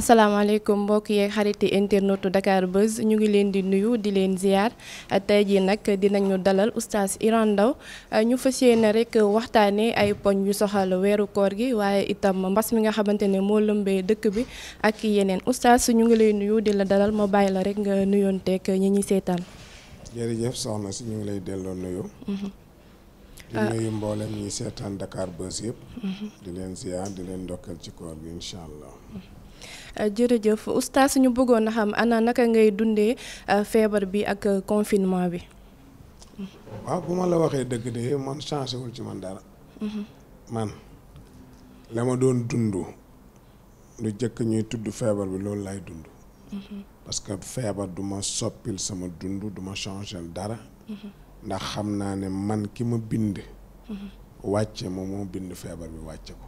asalaamaaleykum mbokk yeeg xariti internetu Dakar Buzz ñu ngi leen di nuyu di leen ziar tey jii nag ñu dalal oustaz Iran ndaw ñu fas yéene rek waxtaanee ay poñ yu soxal weeru koor gi waaye itam mbas mi nga xamante ne moo lëmbee dëkk bi ak yeneen oustaz ñu ngi lay nuyu di la dalal ma bàyyi la rek nga nuyoonteeg ñi ñuy seetaan. jërëjëf soxna si ñu ngi lay delloo nuyu. Mhm. di ah. nuyu mboolem ñi seetaan Dakar Buzz yëpp. Mhm. di leen ziar di leen ndokkal ci koor gi Euh, jërëjëf oustaz ñu bëggoon a xam ana naka ngay dundee euh, feebar bi ak euh, confinement bi. waaw ah, bu ma la waxee dëgg de man changé wul ci man dara. Mhm. man la ma doon dund lu jëkk ñuy tudd feebar bi loolu lay dund. Mhm. parce que feebar du ma soppil sama dund du ma changé dara. Mhm. ndax xam naa ne man ki ma bind. wàcce ma moo bind feebar bi wàcce ko.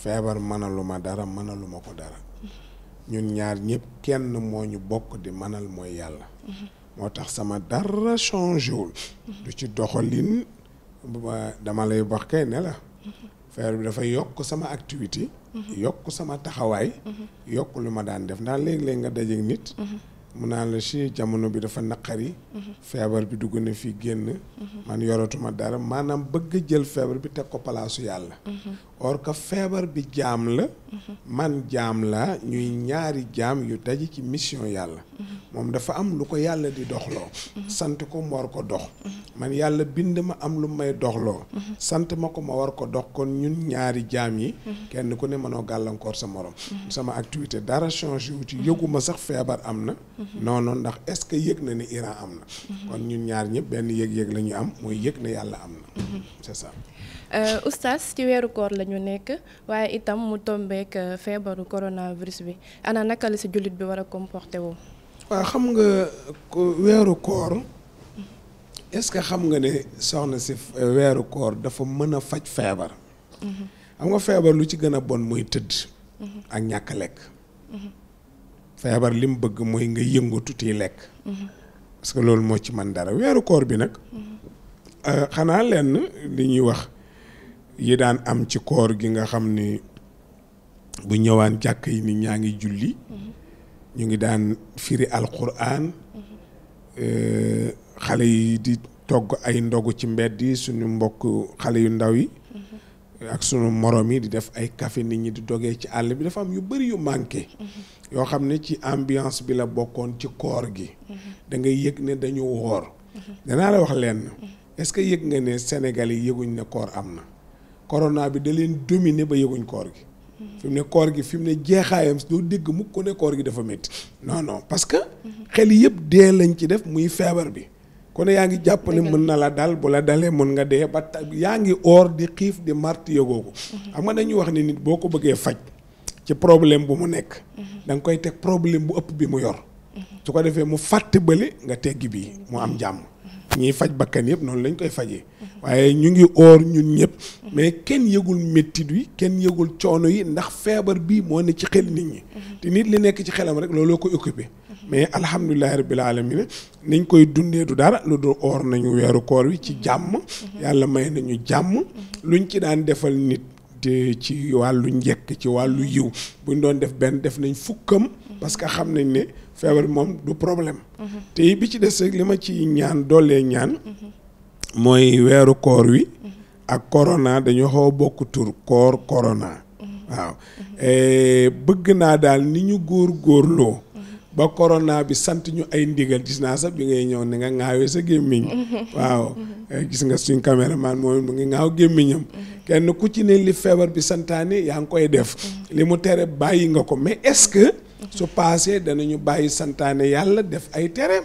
feebar mënaluma dara mënaluma ko dara ñun ñaar ñëpp kenn moo ñu bokk di mënal mooy yàlla moo tax sama dara changé wul du ci doxalin dama lay wax kay ne la feebar bi dafa yokk sama activité yokk sama taxawaay yokk lu ma daan def ndax léeg-léeg nga dajeek nit mu naan la si jamono bi dafa naqari. feebar bi dugg na fi génn. man yoratuma dara maanaam bëgg jël feebar bi teg ko palaasu yàlla. or que feebar bi jaam la. man jaam la ñuy ñaari jaam yu daje ci mission yàlla. moom dafa am lu ko yàlla di doxloo. sant ko mu war ko dox. man yàlla bind ma am lu may doxloo. sant ma ko ma war ko dox kon ñun ñaari jaam yi. kenn ku ne mënoo gàllankoor sa morom. sama activité dara changé wu ci yëguma sax feebar am na. non non ndax est-ce que yëg na ne Iran am na. kon ñun ñaar ñëpp benn yëg-yëg la ñu am mooy yëg na yàlla am na. c'est euh, ci weeru koor la nekk waaye itam mu tombeek euh, feebaru coronavirus bi ana naka la si jullit bi war a comporté woo. waaw xam nga ko weeru koor est-ce que xam nga ne soxna si euh, weeru koor dafa mën a faj feebar. Mhm. xam nga feebar lu ci gën a bon mooy tëdd. ak ñàkk lekk. Mhm. feebar lim bëgg mooy nga yëngatu ti lekk. parce que loolu moo ci man dara weeru koor bi nag. Euh, xanaa lenn li ñuy wax yi daan am ci koor gi nga xam ni bu ñëwaan jàkk yi nit ñaa ngi julli. ñu ngi daan firi alquran. Euh, xale yi di togg ay ndogu ci mbedd yi suñu mbokk xale yu ndaw yi. ak sunu morom yi di def ay café nit ñi di dogee ci àll bi dafa am yu bëri yu manqué mhm. yoo xam ne ci ambiance bi la bokkoon ci koor gi mhm. da yëg ne dañu woor mhm. danaa la wax leen est-ce que yëg nga ne Sénégal yi yëguñ ne koor am na corona bi da leen dominer ba yëguñ koor gi fi mu ne koor gi fi mu ne jeexaayam doo dégg mukk ko ne koor gi dafa métti non non parce que xel yëpp dee lañ ci def muy feebar bi kon yaa ngi jàpp ne mën na la dal bu la dalee mën nga dee ba yaa ngi oor di xiif di màrt yëgoo ko. xam nga dañuy wax ne nit boo ko bëggee faj ci problème bu mu nekk. danga koy teg problème bu ëpp bi mu yor. su ko defee mu fàtte bële nga teggi bii mu am jàmm. ñiy faj bakkan yëpp noonu lañ koy fajee waaye ñu ngi oor ñun ñëpp mais kenn yëgul méttit wi kenn yëgul coono yi ndax feebar bii moo ne ci xel nit ñi te nit li nekk ci xelam rek looloo koy occupé mais alhamdulilahi rabbil alamin nañ koy dundee du dara lu du oor nañu weeru koor wi ci jàmm yàlla may nañu jàmm luñ ci daan defal nit te ci wàllu njëkk ci wàllu yiw buñ doon def benn def nañ fukkam parce que xam nañ ne feebar moom du problème. Mhm. te bi ci des li ma ci ñaan doolee ñaan. mooy weeru koor wi. Mhm. ak corona dañoo xaw bokk tur koor corona. Mhm. waaw eh, bëgg naa daal ni ñu góor góorloo. ba corona bi sant ñu ay ndigal gis naa sax bi ngay ñëw ni nga ŋaawee sa gémmiñ waaw eh, gis nga suñ caméraman moom mu ngi ŋaaw gémmiñam kenn ku ci ne li feebar bi santaane yaa ngi koy def. li mu tere bàyyi nga ko mais est su paasee ñu bàyyi santaane yàlla def ay tereem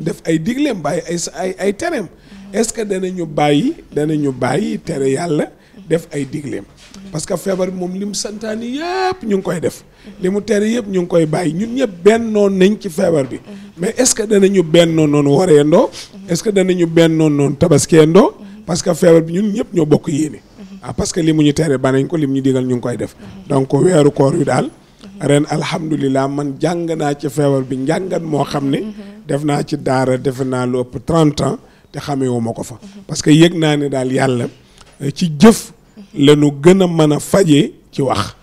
def ay digleem bàyyi ay ay ay tereem est-ce que danañu bàyyi ñu bàyyi tere yàlla def ay digleem parce que feebar bi moom li mu santaane yëpp ñu ngi koy def li mu tere yëpp ñu ngi koy bàyyi ñun ñëpp bennoon nañ ci feebar bi mais est-ce que danañu bennoon noonu wareendoo est-ce que danañu bennoon noonu tabaskeendoo parce que feebar bi ñun ñëpp ñoo bokk yéene ah, parce que li mu ñu tere banañ ko li ñu digal ñu ngi koy def donc weeru koor wi daal ren alhamdulilah man jàng naa ci feebar bi njàngat moo xam ne. def naa ci daara defe naa lu ëpp 30 ans te xamewu ma ko fa. parce que yëg naa ne daal yàlla eh, ci jëf. la ñu gën a mën a fajee ci wax.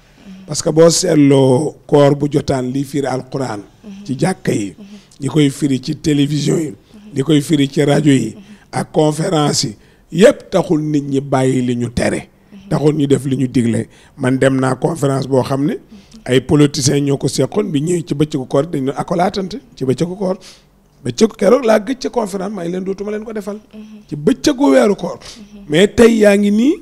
parce que boo seetloo koor bu jotaan liy firi alquran. ci jàkka yi. li koy firi ci télévision yi. li koy firi ci rajo yi. ak conférence yi yëpp taxul nit ñi bàyyi li ñu tere. taxoon ñu def li ñu digle man dem naa conférence boo xam ne ay politiciens ñoo ko seqoon bi ñëwee ci bëccëgu koor dañ doon akolaatante ci bëccëgu koor bëccëgu keroog laa gëj ca conférence may leen dootuma leen ko defal. ci bëccëgu weeru koor. mais tey yaa ngi nii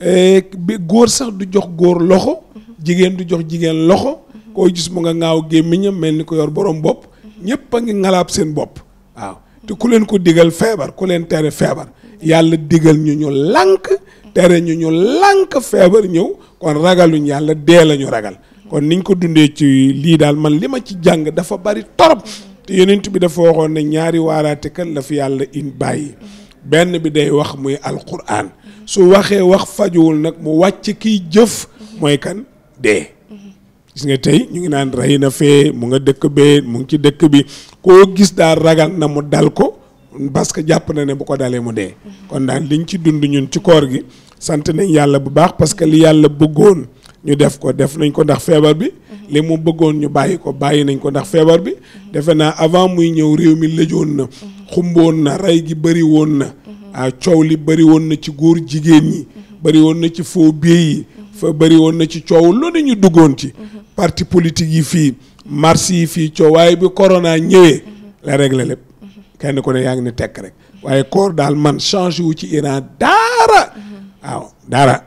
eh, bi góor sax du jox góor loxo. jigéen du jox jigéen loxo. koo gis mu nga ngaaw gémmiñam mel ni ko yor borom bopp. ñëpp a ngi ngalaab seen bopp waaw. te ku leen ko digal feebar ku leen tere feebar. yàlla digal ñu ñu lànk tere ñu ñu lànk feebar ñëw kon ragaluñ yàlla dee lañu ragal kon niñ ko dundee ci lii daal man li ma ci jàng dafa bari torop te yonent bi dafa waxoon ne ñaari waaraate kan la fi yàlla in bàyyi benn bi day wax muy alquran su waxee wax fajuwul nag mu wàcc kiy jëf mooy kan dee gis nga tey ñu ngi naan rey fee mu nga dëkk bee mu ngi ci dëkk bi koo gis daal ragal na mu dal ko parce que jàpp na ne bu ko dalee mu dee kon daal liñ ci dund ñun ci koor gi sant nañ yàlla bu baax parce que li yàlla bëggoon ñu def ko def nañ ko ndax feebar bi li mu bëggoon ñu bàyyi ko bàyyi nañ ko ndax feebar bi defe naa avant muy ñëw réew mi lëjoon na xumboon na rey gi bëri woon na ah coow li bëri woon na ci góor jigéen ñi bëri woon na ci faux billets yi fa bëri woon na ci coow lu ne ñu duggoon ci parti politique yi fii mars yi fii coow waaye bi corona ñëwee la régler lépp kenn ko ne yaa ngi ne tekk rek waaye koor daal man changé wu ci Iran daara waaw dara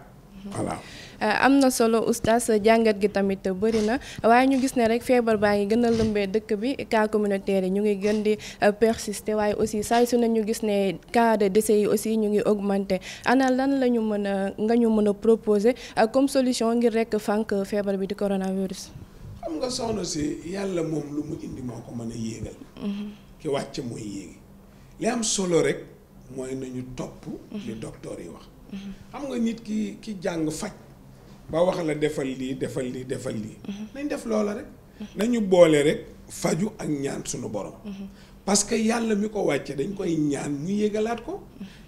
voilà. Euh, am na solo oustaz jàngat gi tamit bëri na waaye ñu gis ne rek feebar baa ngi gën a lëmbee dëkk bi cas communautaire yi ñu ngi gën di euh, persister waaye aussi saa su ne ñu gis ne cas de yi aussi ñu ngi augmenter ana lan la ñu mën a nga ñu mën a ak euh, comme solution ngir rek fànk feebar bi di coronavirus. xam nga soxna si yàlla moom lu mu indi moo ko mën yéegal. Mhm. ki wàcc mooy yéegi li am solo rek mooy nañu topp. li docteur yi wax. xam nga nit ki ki jàng faj ba wax la defal lii defal lii defal lii nañ def loola rek nañu boole rek faju ak ñaan sunu borom parce que yàlla mi ko wàcce dañ koy ñaan mu yëgalaat ko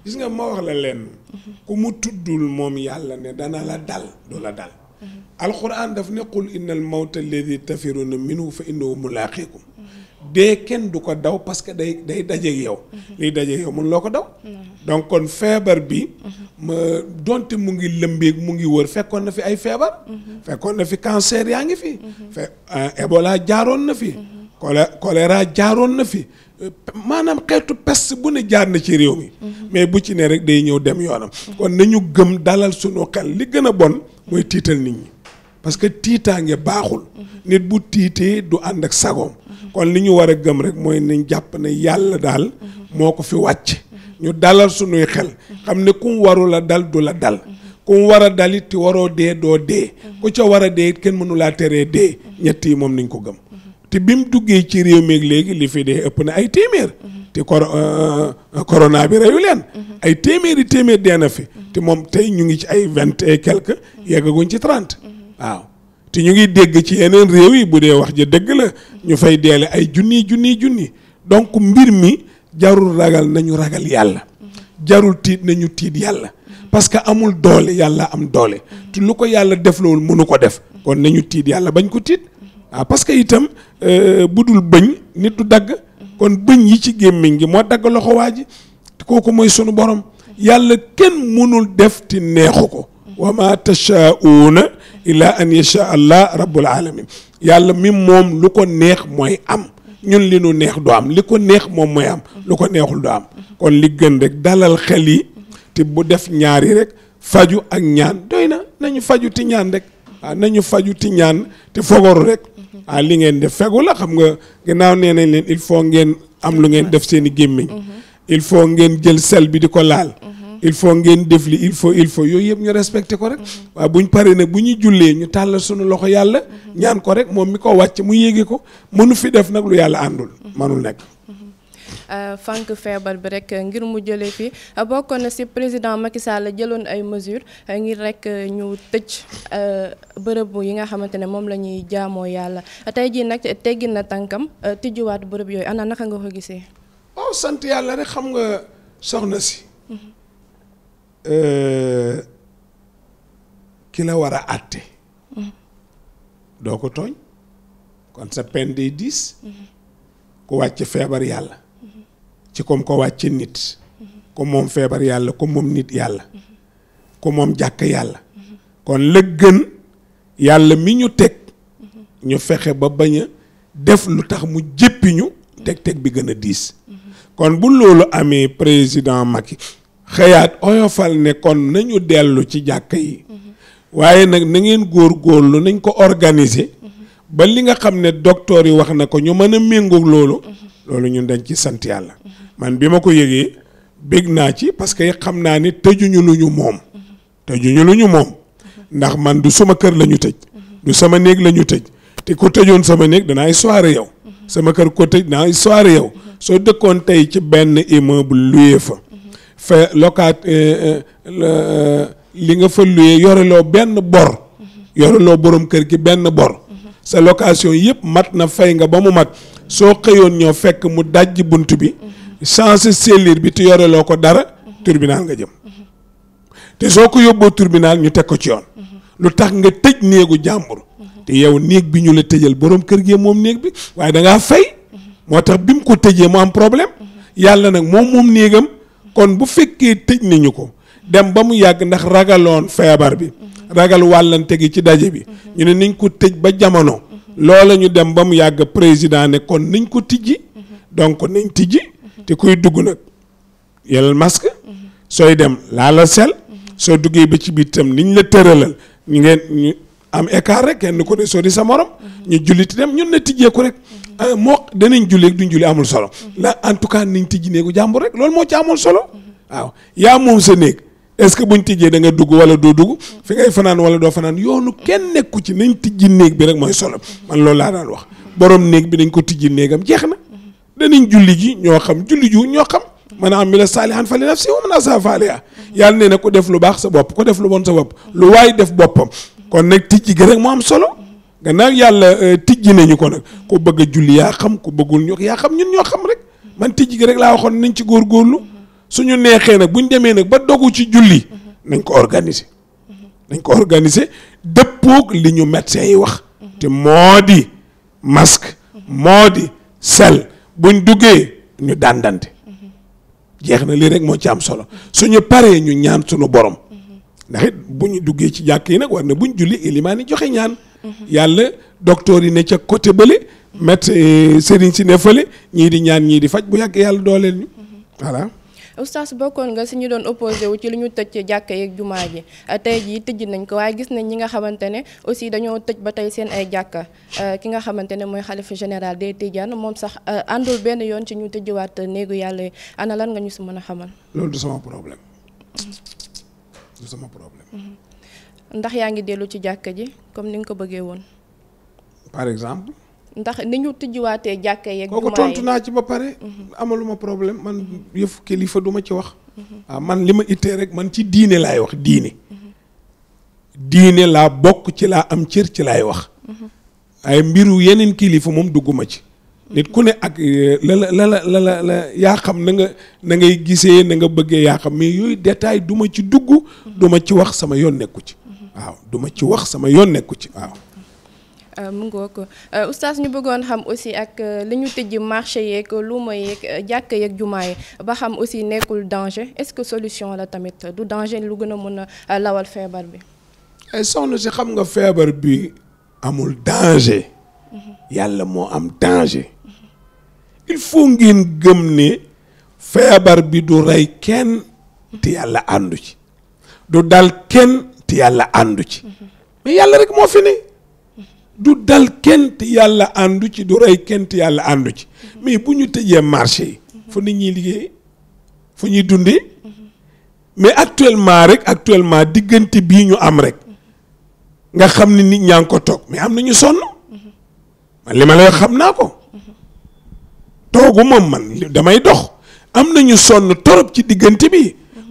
gis nga ma wax la lenn ku mu tuddul moom yàlla ne dana la dal du la dal alquran daf ne qul innal mawta alladi tafiruna minhu fa innahu mulaaqikum dee kenn du ko daw parce que day day dajeeg yow. Mhm. liy dajeeg yow mun loo ko daw. Mhm. donc kon feebar bi. Mhm. donte mu ngi lëmbeeg mu ngi wër fekkoon na fi ay feebar. fekkoon na fi cancer yaa ngi fi. fe euh, Ebola jaaroon na fi. cholé jaaroon na fi. Euh, maanaam xeetu peste bu ne jaar na ci réew mi. mais bu ci ne rek day ñëw dem yoonam. kon nañu gëm dalal sunu xel li gën a bon mooy tiital nit ñi. parce que tiitaange baaxul. nit bu tiitee du ànd ak sagoom. kon li ñu war a gëm rek mooy nañ jàpp ne yàlla daal. moo ko fi wàcc. ñu dalal suñuy xel. xam ne kum waru la dal du la dal. kum war a dal it waroo dee doo dee. ku ca war a dee it kenn mënu laa teree dee. ñetti moom nañ ko gëm. te bi mu duggee ci réew mi léegi li fi dee ëpp na ay téeméer. te cor euh, euh, corona bi reyu leen. ay téeméeri téeméer dee na fi. te moom tey ñu ngi ci ay vingt et quelque. yeggaguñ ci trente. waaw te ñu ngi dégg ci yeneen réew yi bu dee wax ja dëgg la ñu fay deele ay junni junni junni donc mbir mi jarul ragal nañu ragal yàlla jarul tiit nañu tiit yàlla parce que amul doole yàlla am doole te lu ko yàlla def loolu mënu ko def kon nañu tiit yàlla bañ ko tiit waaw parce que itam euh, bu dul bëñ nit du dagg kon bëñ yi ci gémmiñ gi moo dagg loxo waa ji kooku mooy sunu borom yàlla kenn mënul def ti neexu ko wa ma tashaauna illa an yasha allah rabbul alamin yàlla mi moom lu ko neex mooy am ñun li nu neex du am li ko neex moom mooy am lu ko neexul du am kon li gën rek dalal xel yi te bu def ñaari rek faju ak ñaan doy na nañu faju ti ñaan rek waaw ah, nañu faju ti ñaan te fogoru rek ah, li ngeen def fegu la xam nga gannaaw nee nañ leen il faut ngeen am lu ngeen def seen i gémmiñ il faut ngeen jël sel bi di ko laal il faut ngeen def li il faut il faut yooyu yëpp ñu respecté ko rek mm-hmm. waaw ñu paree nag bu ñu jullee ñu tàllal suñu loxo yàlla mm-hmm. ñaan ko rek moom mi ko wàcc mu yéege ko mënu fi def nag lu yàlla àndul manul mm-hmm. nekk euh, fànq feebar bi rek ngir mu jële fii bokkoon na ci président Macky Sall jëloon ay mesures ngir rek ñu tëj euh, bërëb yi nga xamante ne moom la ñuy jaamoo yàlla tey jii nag teggi na tànkam euh, tijjuwaat bërëb yooyu ana naka nga ko gisee. waaw oh, sant yàlla rek Euh, ki la war a àtte mm-hmm. doo ko tooñ kon sa peine day diis mm-hmm. ku wàcc feebar yàlla mm-hmm. ci comme ko wàcc nit ku moom feebar yàlla ku moom nit yàlla ku moom jàkk yàlla kon la gën yàlla mi ñu teg ñu fexe ba bañ def lu tax mu jéppi ñu teg-teg bi gën a diis kon bu loolu amee président Macky xëyaat oyofal ne kon nañu dellu ci jàkk yi waaye nag na ngeen góor góorlu nañ ko organiser ba li nga xam ne docteur yi wax na ko ñu mën a méngoog loolu loolu ñun dañ ci sant yàlla man bi ma ko yëgee bég naa ci parce que xam naa ni tëjuñu lu ñu moom tëjuñu lu ñu moom ndax man du suma kër la ñu tëj du sama néeg lañu tëj te ku tëjoon sama néeg danaay soirée yow sama kër ko tëj danaay soirée yow soo dëkkoon tey ci benn bu luyee fa fa locaat eh, eh, eh, li nga fa luyee yoreloo benn bor yoreloo borom kër gi benn bor sa location yëpp mat na fay nga ba mu mat soo xëyoon ñoo fekk mu dajj bunt bi changé sellir bi te yoreloo ko dara tribunal nga jëm te soo ko yóbboo tribunal ñu teg ko ci yoon lu tax nga tëj néegu jàmbur te yow néeg bi ñu la tëjal boroom kër gi moom néeg bi waaye da ngaa moo tax bi mu ko tëjee mu am problème yàlla nag moom moom néegam kon bu fekkee tëj nañu ko dem ba mu yàgg ndax ragaloon feebar bi ragal wàllante gi ci daje bi ñu ne niñ ko tëj ba jamono loola ñu dem ba mu yàgg président ne kon niñ ko tijji donc nañ tijji te kuy dugg nag yelal masque sooy dem laalal sel soo duggee ba ci biir tam niñ la tëralal ñu ngeen ñu am écart rek kenn ko ne di sa morom ñu julliti dem ñun ne tijjeeku rek Euh, moo danañ julli duñ julli amul solo la en tout cas nañ tijji néegu jàmbur rek loolu moo ci amul solo waaw yaa moom sa néeg est-ce que buñ tijjee da nga dugg wala doo dugg fi ngay fanaan wala doo fanaan yoonu kenn nekku ci nañ tijji néeg bi rek mooy solo man loolu laa daan wax borom néeg bi dañ ko tijji néegam jeex na danañ julli ji ñoo xam julli ju ñoo xam man a am mi la saalihan fa li nafsi wa man asaa fa alayha yàlla nee na ko def lu baax sa bopp ko def lu bon sa bopp lu waay def boppam kon nag tijji gi rek moo am solo gannaaw yàlla euh, tijj nañu ko nag ku bëgg a julli yaa xam ku bëggul ñu yaa xam ñun ñoo xam rek man tijji gi rek laa waxoon nañ ci góorgóorlu suñu neexee nag buñ demee nag ba dogu ci julli nañ ko organiser nañ ko organiser li ñu médecin yi wax moo di masque moo di sel buñ duggee ñu dàndante jeex na lii rek moo ci am solo suñu paree ñu ñaan suñu borom ndax it bu ñu duggee ci jàkk yi nag war na buñ julli ilimaan yi joxe ñaan yàlla docteur yi ne ca côté bële. médecin euh, sëriñ si ne fële ñii di ñaan ñii di faj bu yàgg yàlla dooleel ñu. voilà. oustaz bokkoon nga si ñu doon opposé wu ci lu ñu tëj ci jàkka yeeg jumaa ji euh, tey jii tëj nañ ko waaye gis nañ ñi nga xamante ne aussi dañoo tëj ba tey seen ay jàkka euh, ki nga xamante ne mooy xalifa général des Tidiane moom sax àndul benn yoon ci ñu tëjwaat néegu yàlla yi lan nga ñu si mën a xamal. loolu du sama problème. du sama problème. Mhm. ndax yaa ngi dellu ci jàkka ji comme ni nga ko bëggee woon. par exemple. ndax ni ñu tijjiwaatee jàkka yeeg. kooku tontu naa ci ba pare. Mhm. amaluma problème man mhm. yëfu kilifa duma ci wax. Mhm. ah man li ma ittee rek man ci diine laay wax diine. diine bokk ci laa am cër ci laay wax. mbiru yeneen kilifa moom dugguma ci. nit ku ne ak eh, la la la la yaa xam na nga na ngay gisee na nga bëggee yaa xam mais yooyu détail duma ci dugg. duma ci wax sama yoon nekku ci. waaw du ma ci wax sama yoon nekku ci waaw. Euh, mu ngoo ko euh, oustaz ñu bëggoon xam aussi ak euh, li ñu tëj marché yeeg luuma yeeg jàkk yeeg jumaa yi ba xam aussi nekkul danger est-ce que solution la tamit du danger lu gën a mën a lawal feebar bi. ay eh, soxna si xam nga feebar bi amul danger. Mhm. yàlla moo am danger. il faut ngeen gëm ne feebar bi du rey kenn te yàlla àndu ci du dal kenn. te yàlla àndu ci yàlla rek moo fi ne du dal kenn te yàlla àndu ci du rey kenn te yàlla àndu ci mais bu ñu tëjee marché yi fu nit ñi liggéey fu ñuy dundee mais actuellement rek actuellement diggante bii ñu am rek nga xam ni nit ñaa ngi ko toog mais am na ñu sonn li ma xam naa ko toogu moom man damay dox am na ñu sonn torop ci diggante bi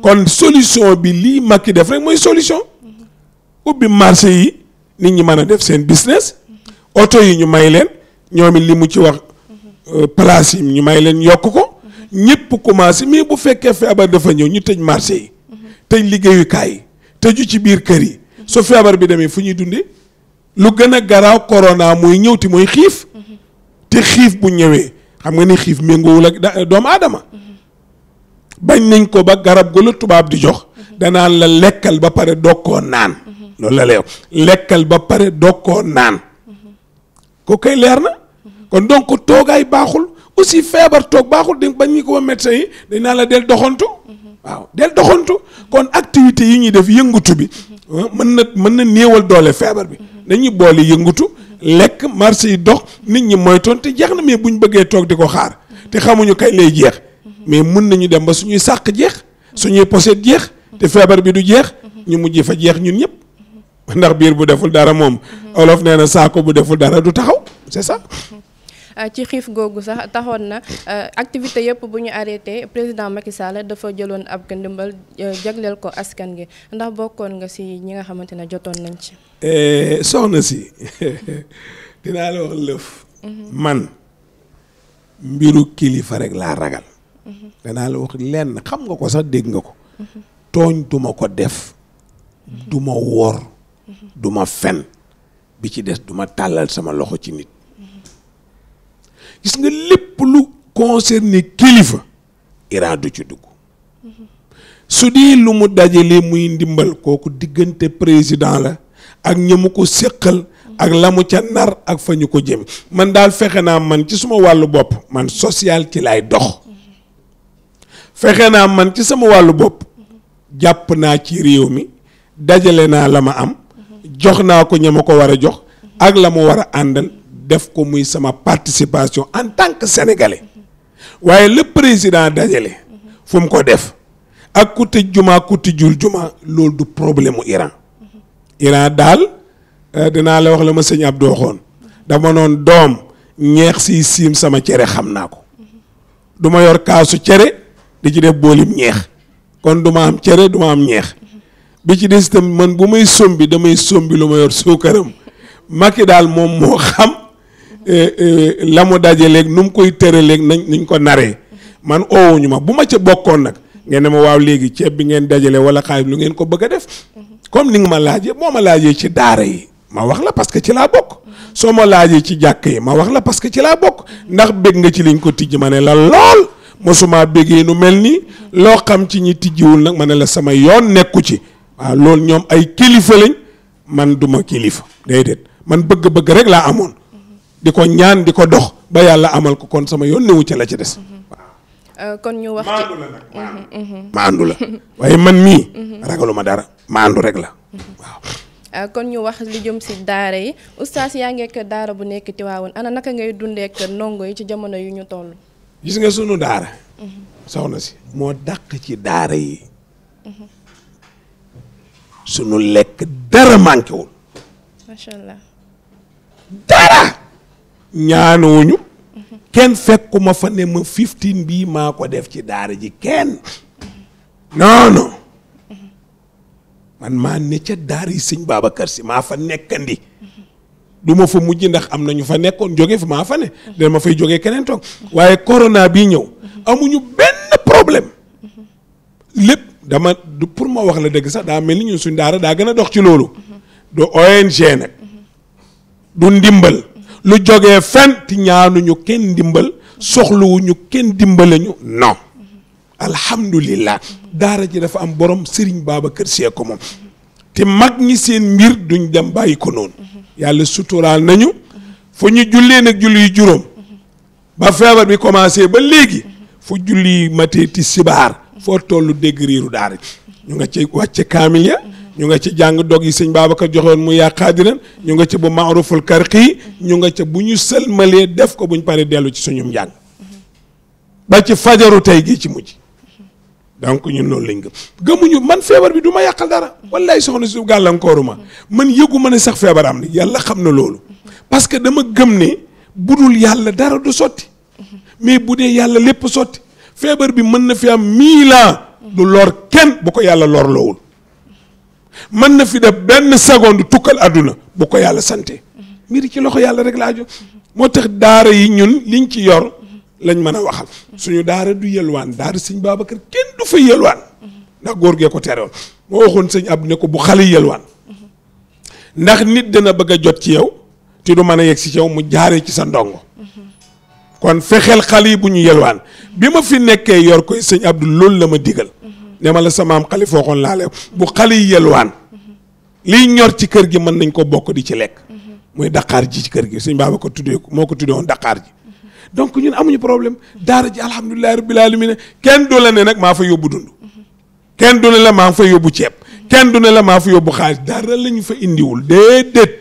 kon solution bi lii Macky def rek mooy solution ubbi marché yi nit ñi mën a def seen business oto yi ñu may leen ñoom it li mu ci wax euh, place yi ñu may leen yokk ko ñëpp commencé mais bu fekkee feebar dafa ñëw ñu tëj marché yi tëj liggéeyukaay yi tëju ci biir kër yi su feebar bi demee fu ñuy dundee lu gën a garaaw corona muy ñëw ti muy xiif te xiif bu ñëwee xam nga ni xiif méngoowul ak doomu aadama bañ nañ ko ba garab gu la tubaab di jox danaan la lekkal ba pare doog koo naan loolu la leew lekkal ba pare doog koo naan ko koy leer na kon donc toogaay baaxul aussi feebar toog baaxul di bañ ñu ko ba médecin yi dañ la del doxantu waaw del doxantu kon activité yi ñuy def yëngutu bi mën na mën na néewal doole feebar bi dañuy boole yëngutu lekk marché yi dox nit ñi moytoon te jeex na mais buñ bëggee toog di ko xaar te xamuñu kay lay jeex mais mun nañu dem ba suñuy sàq jeex suñuy poset jeex te feebar bi du jeex ñu mujj fa jeex ñun ñëpp ndax biir bu deful dara moom olof nee na saako bu deful dara du taxaw c'est ça ci xiif googu sax taxoon na euh, activité yëpp bu ñu arrêté président Macky Sall dafa jëloon ab ndimbal euh, jagleel ko askan gi ndax bokkoon nga si ñi nga xamante ne jotoon nañ ci eh, soxna si dinaa la wax lëf mhm. man mbiru kilifa rek laa ragal mhm. danaa la wax lenn xam nga ko sax dégg nga ko mhm. tooñ duma ko def duma wor duma fen bi ci des duma tàllal sama loxo ci nit gis nga lépp lu concerné kilifa Iran du ci dugg su dee lu mu dajale muy ndimbal kooku diggante président la ak ñamu ko séqal ak lamu ca nar ak fa ñu ko jëme man daal fexe naa man ci suma wàllu bopp man social ci lay dox fexe naa man ci sama wàllu bopp jàpp naa ci réew mi dajale naa la ma am jox naa ko ña ma ko war a jox ak la mu war a àndal def ko muy sama participation en tant que sénégalais waaye le résident dajale fu mu ko def ak ku tëj jumaa ku tëjul jumaa loolu du problème mu Iran Iran daal euh, dinaa la wax la ma sëñ Abdou waxoon dama noon doom ñeex si siim sama cere xam naa ko duma yor kaasu cere di ci def boolim ñeex kon du ma am cere du ma am ñeex bi ci des tam man bu may sombi damay sombi lu ma yor suukaram Macky daal moom moo xam eh, eh, la mu daje léeg nu mu koy tëre léeg nañ niñ ko naree man oowuñu ma bu ma ca bokkoon nag ngeen ne ma waaw léegi ceeb bi ngeen dajale wala xaalis lu ngeen ko bëgg def comme ni nga ma laajee moo ma laajee ci daara yi ma wax la parce que ci laa bokk soo ma laajee ci jàkk yi ma wax la parce que ci laa bokk ndax bëgg nga ci liñ ko tijj ma ne la lool mosuma bégee nu mel ni loo xam ci ñi tijjiwul nag ma ne la sama yoon nekku ci waaw loolu ñoom ay kilifa lañ man duma kilifa déedéet man bëgg-bëgg rek laa amoon di ko ñaan di ko dox ba yàlla amal ko kon sama yoon newu ci la ci des euh, kon ñu wax mhm, mhm. man mii mhm. ragaluma dara maandu rek la waaw euh, kon ñu wax li jëm si daara yi oustaz yaa ngeek daara bu nekk Tiwaawoon ana naka ngay dundeek ndongo yi ci jamono yu ñu toll gis nga sunu daara. Mhm. soxna si moo daq ci daara yi. Mhm. sunu lekk dara manqué wul. macha allah. Mhm. kenn fekkuma fa ne ma fifteen bii maa ko def ci daara ji kenn. non man maa ne ca daara yi sëñ Babacar si maa fa nekkandi. du ma fa mujj ndax am na ñu fa nekkoon jóge fa maa fa ne dina ma fay jógee keneen toog waaye corona bii ñëw amuñu benn problème lépp dama du pour ma wax la dëgg sax daa mel ni ñun suñ daara daa gën a dox ci loolu du ONG nag du ndimbal lu jógee fen ti ñaanuñu kenn ndimbal soxluwuñu kenn dimbale ñu non alhamdulillah daara ji dafa am borom Serigne baaba kër ko moom ci mag ñi seen mbir duñ dem bàyyi ko noonu yàlla suturaal nañu fu ñu jullee nag julli yu juróom ba feebar bi commencé ba léegi fu julli matee ti sibaar foo tollu dégg riiru daara ñu nga ci wàcce kaamil ya ñu nga ci jàng dog yi sëñ Babacar joxewoon mu yaa xaadiran ñu nga ca bu maaruful karqi ñu nga ca bu ñu sëlmalee def ko buñ paree dellu ci suñu njàng ba ci fajaru tey gi ci mujj donc ñun loolu lañ gëm gëmuñu man feebar bi du ma yàqal dara wallaay soxna su gàllankooru ma man yëgu ma ne sax feebar am na yàlla xam na loolu parce que dama gëm ne budul yàlla dara du sotti mais bu dee yàlla lépp sotti feebar bi mën na fi am mille ans du lor kenn bu ko yàlla lorloowul mën na fi def benn seconde tukkal àdduna bu ko yàlla sante mbir ci loxo yàlla rek laa jo moo tax daara yi ñun liñ ci yor lañ mën a waxal suñu daara du yelwaan daara sëñ fa yelwaan ndax góor gee ko terewoon moo waxoon sëñ Abdou ne ko bu xale yelwaan ndax nit dana bëgg a jot ci yow te du mën a yegg si ci yow mu jaaree ci sa ndongo kon fexeel xale yi bu ñu yelwaan bi ma fi nekkee yor ko sëñ Abdou loolu la ma digal ne ma la sa maam xale fooxoon laa leew bu xale yi yelwaan liy ñor ci kër gi mën nañ ko bokk di ci lekk muy daqaar ji ci kër gi sëñ Baaba ko tuddee moo ko tuddee woon daqaar ji donc ñun amuñu problème daara ji alhamdulilah rabbil alamin kenn du la ne nag maa fa yóbbu dund kenn du ne la maa fa yóbbu ceeb kenn du ne la maa fa yóbbu xaalis dara la ñu fa indiwul déedéet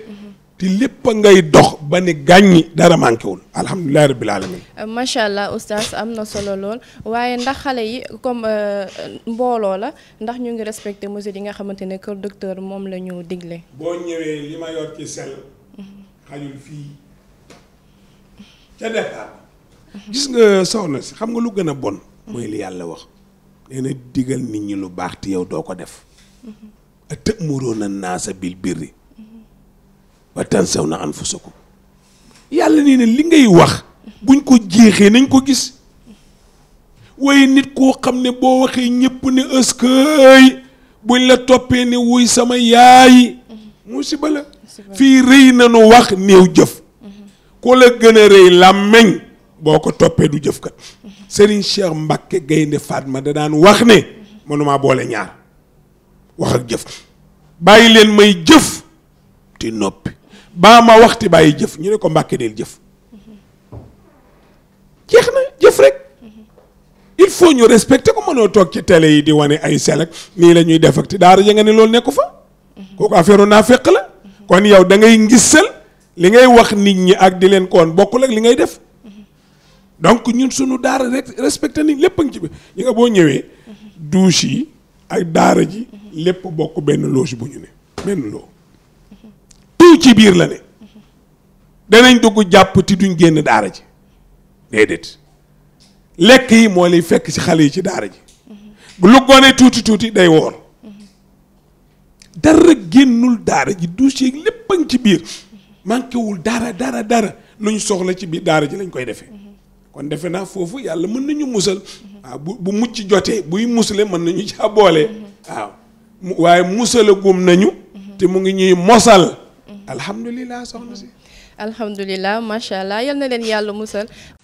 te lépp ngay dox ba ne gàññi dara manqué wul alhamdulilah rabbil alamin euh, macha allah oustaz am na solo lool waaye ndax xale yi comme euh, mbooloo la ndax ñu ngi respecté mesures yi nga xamante ne kër docteur moom la ñu digle. boo ñëwee li ma yor ci sel. Mhm. xajul fii. ca gis nga soxna si xam nga lu gën a bon mooy li yàlla wax nee na digal nit ñi lu baax te yow doo ko def a tëb muroona naasa bil birri wa tansawna anfusakum yàlla nii na li ngay wax buñ ko jeexee nañ ko gis waaye nit koo xam ne boo waxee ñëpp ne ëskëy buñ la toppee ne wuy sama yaay musiba la fii rëy na nu wax néew jëf ku la gën a rëy làmmiñ boo ko toppee du jëf kat Serigne Cheikh Mbacke Gaynde Fatma da daan wax ne mënumaa boole ñaar wax ak jëf bàyyi leen may jëf ti noppi baa ma waxti bàyyi jëf ñu ne ko Mbacke del jëf jeex na jëf rek il faut ñu respecter ko mënoo toog ci télé yi di wane ay selek nii la ñuy def ak ti daara ja nga ne loolu nekku fa kooku affaire naa fekk la kon yow da ngay ngisal li ngay wax nit ñi ak di leen koon bokkul ak li ngay def donc ñun suñu daara rek respecté nañ lépp a ngi ci biir ñi boo ñëwee douche yi ak daara ji lépp bokk benn loge bu ñu ne benn loo tout ci biir la ne danañ dugg jàpp ti duñ génn daara ji déedéet lekk yi moo lay fekk ci xale yi ci daara ji lu gone tuuti tuuti day woor dara génnul daara ji douche yi lépp a ngi ci biir manqué wul dara dara dara lu ñu soxla ci biir daara ji lañ koy defe mhm. kon defe naa foofu yàlla mën nañu musal. waaw bu bu mucc jotee buy musale mën nañu caa boole. Mhm. waaw waaye musalagum nañu. Mhm. te mu ngi ñuy mosal. alhamdulilah soxna si. alhamdulilah macha allah yal na leen yàlla musal